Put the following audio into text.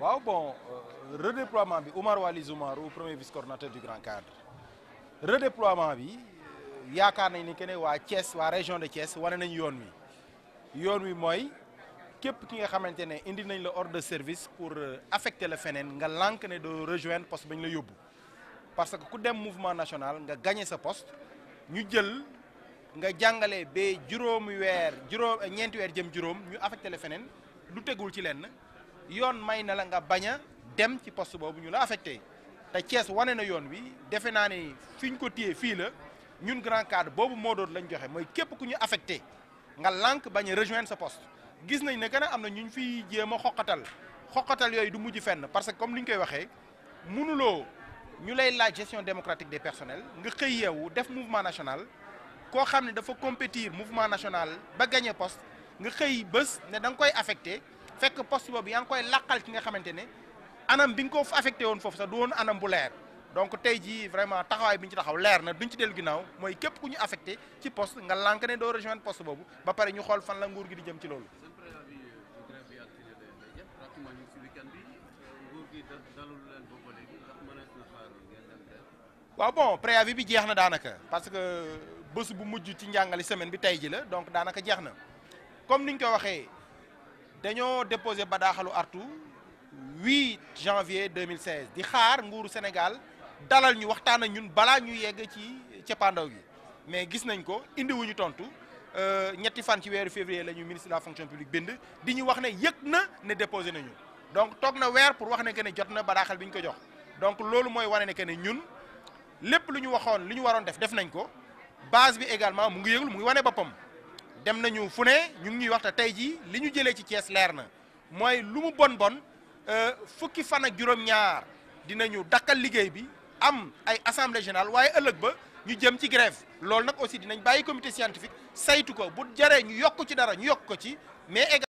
waaw bon euh, redéploiement bi Oumar Waly Zoumarou premier vice coordonnateur du grand cadre redéploiement bi euh, yaakaar nañ ni que waa Thiès waa région de ces wane nañ yoon wi yoon wi mooy képp ki nga xamante ne indi nañ la ordre de service pour euh, affecter la feneen nga lànk ne doo rejoindre poste bañ la yóbbu parce que ku dem mouvement national nga gagné sa poste ñu jël nga jàngale ba juróom weer juróom ñeenti weer jëm juróom ñu affecté la feneen lu tegul ci lenn. yoon may na la nga bañ a dem ci poste boobu ñu la affecté te Thiès wane na yoon wi defe naa ne fi ñu ko téye fii la ñun grand cadre boobu moo doon lañ joxe mooy képp ku ñu affecté nga lànk bañ a rejoindre sa poste gis nañ ne que am na ñu ñu fiy jéem a xoqatal xoqatal yooyu du mujj fenn parce que comme ni ñu koy waxee munuloo ñu lay laaj gestion démocratique des personnels nga xëy yeewu def mouvement national koo xam ne dafa compétir mouvement national ba gagné poste nga xëy bés ne da nga koy affecté. fekk poste boobu yaa ngi koy làqal ki nga xamante ne anam bi nga ko affecté woon foofu sax du woon anam bu leer donc tey ji vraiment taxawaay bi ñu ci taxaw leer na duñ ci dellu ginnaaw mooy képp ku ñu affecté ci poste nga lànk ne doo rejoindre poste boobu ba pare ñu xool fan la nguur gi di jëm ci loolu. Euh, waaw bon préavis bi jeex na daanaka parce que bés bu mujj ci njàngale semaine bi tey ji la donc daanaka jeex na comme niñ ko waxee. dañoo déposé badaaxalu artu 8 janvier 2016 di xaar nguuru Sénégal dalal ñu waxtaan ak ñun balaa ñu yegg ci cappaandaw gi mais gis nañ ko indiwuñu tontu euh, ñetti fan ci weeru février la ñu ministre de la fonction publique bind di ñu wax ne yëg na ne déposé nañu donc toog na weer pour wax ne que ne jot na badaaxal bi ñu ko jox donc loolu mooy wane ne que ne ñun lépp lu ñu waxoon li ñu waroon def def nañ ko base bi également mu ngi yëglu mu ngi wane boppam. dem nañu fu ne ñu ngi ñuy wax te tey jii li ñu jëlee ci Thiès leer na mooy lu mu bon bon euh, fukki fan ak juróom-ñaar dinañu dakkal liggéey bi am ay assemblée générale waaye ëllëg ba ñu jëm ci grève loolu nag aussi dinañ bàyyi comité scientifique saytu ko bu jaree ñu yokk ci dara ñu yokk ko ci mais